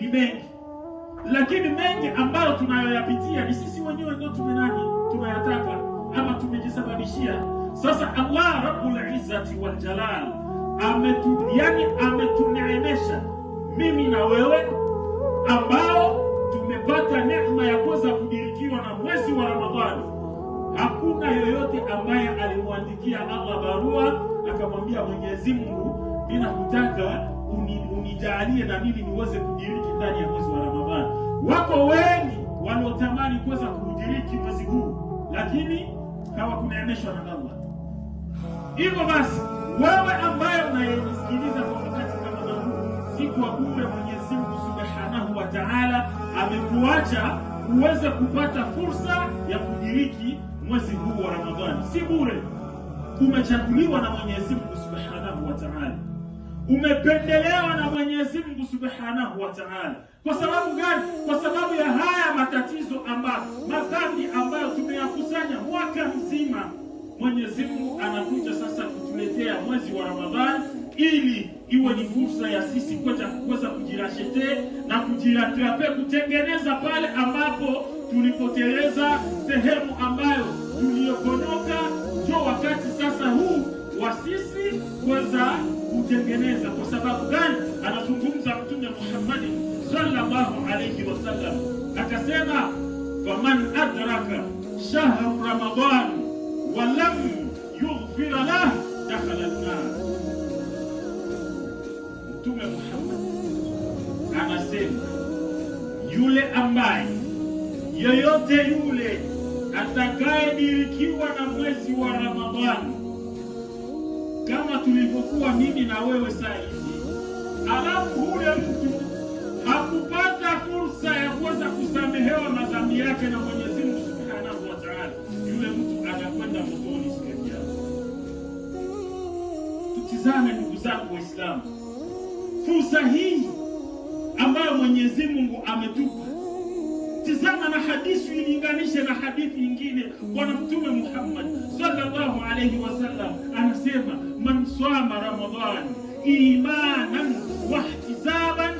ni mengi, lakini mengi ambayo tunayoyapitia ni sisi wenyewe ndio tumenani tunayataka ama tumejisababishia. Sasa Allah Rabbul Izzati wal Jalal ametu, yani ametuneemesha mimi na wewe ambao tumepata neema ya kuweza kudirikiwa na mwezi wa Ramadhani. Hakuna yoyote ambaye alimwandikia Allah barua akamwambia Mwenyezi Mungu, ninakutaka unijalie na mimi niweze kudiriki ndani ya mwezi wa Ramadhani. Wako wengi wanaotamani kuweza kudiriki mwezi huu, lakini hawakuneemeshwa na Allah. Hivyo basi, wewe ambaye unayesikiliza kwa wakati kama huu, si kwa bure Mwenyezi Mungu Subhanahu wa Ta'ala amekuacha uweze kupata fursa ya kudiriki mwezi huu wa Ramadhani. Si bure, umechaguliwa na Mwenyezi Mungu Subhanahu wa Ta'ala umependelewa na Mwenyezi Mungu Subhanahu wa Ta'ala. Kwa sababu gani? Kwa sababu ya haya matatizo ambayo, madhambi ambayo tumeyakusanya mwaka mzima. Mwenyezi Mungu anakuja sasa kutuletea mwezi wa Ramadhani ili iwe ni fursa ya sisi kwenda kuweza kujirashete na kujiratrape, kutengeneza pale ambapo tulipoteleza, sehemu ambayo tuliyokonoka. Ndio wakati sasa huu wa sisi kuweza kutengeneza. Kwa sababu gani? Anazungumza Mtume Muhammad sallallahu alayhi wasallam, akasema faman adraka shahru ramadan wa lam yughfir lah dakhala nar. Mtume Muhammad anasema yule ambaye yoyote yule atakayedirikiwa na mwezi wa Ramadhani kama tulivyokuwa mimi na wewe saa hizi. Alafu ule mtu hakupata fursa ya kuweza kusamehewa madhambi yake na Mwenyezi Mungu Subhanahu wa Ta'ala, yule mtu anakwenda motoni siku ya tutizame, ndugu zangu Waislamu, fursa hii ambayo Mwenyezi Mungu ametupa. Tizama na hadithi ilinganishe na hadithi nyingine. Bwana Mtume Muhammad sallallahu alayhi wasallam anasema swama ramadhani imanan wahtisaban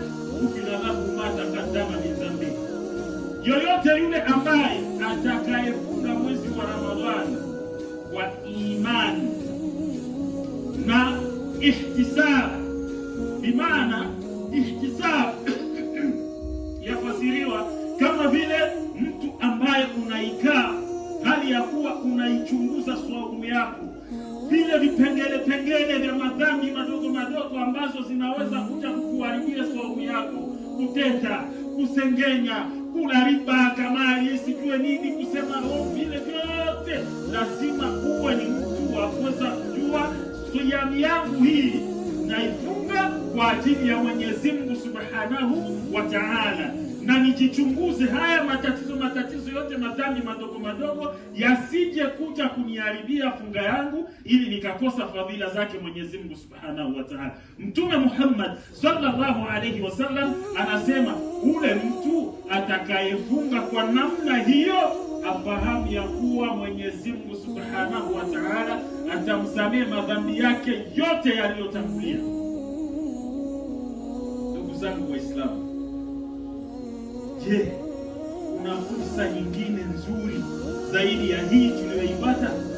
ghufira lahu ma taqaddama min dhambi, yoyote yule ambaye atakayefunga mwezi wa Ramadhani kwa imani na ihtisab, bimaana ihtisab yafasiriwa ya kuwa unaichunguza swaumu yako, vile vipengele pengele vya madhambi madogo madogo ambazo zinaweza kuja kukuharibia swaumu yako, kuteta, kusengenya, kula riba, kamari, sijue nini, kusema roho, vile vyote lazima kuwe ni mtu wa kuweza kujua siamu yangu hii naifunga kwa ajili ya Mwenyezi Mungu Subhanahu wa Ta'ala na nijichunguze haya matatizo matatizo yote madhambi madogo madogo yasije kuja kuniharibia funga yangu, ili nikakosa fadhila zake Mwenyezi Mungu Subhanahu wa Ta'ala. Mtume Muhammad sallallahu alayhi wasallam anasema ule mtu atakayefunga kwa namna hiyo afahamu ya kuwa Mwenyezi Mungu Subhanahu wa Ta'ala atamsamehe madhambi yake yote yaliyotangulia. Ndugu zangu Waislamu, Je, una fursa nyingine nzuri zaidi ya hii tuliyoipata?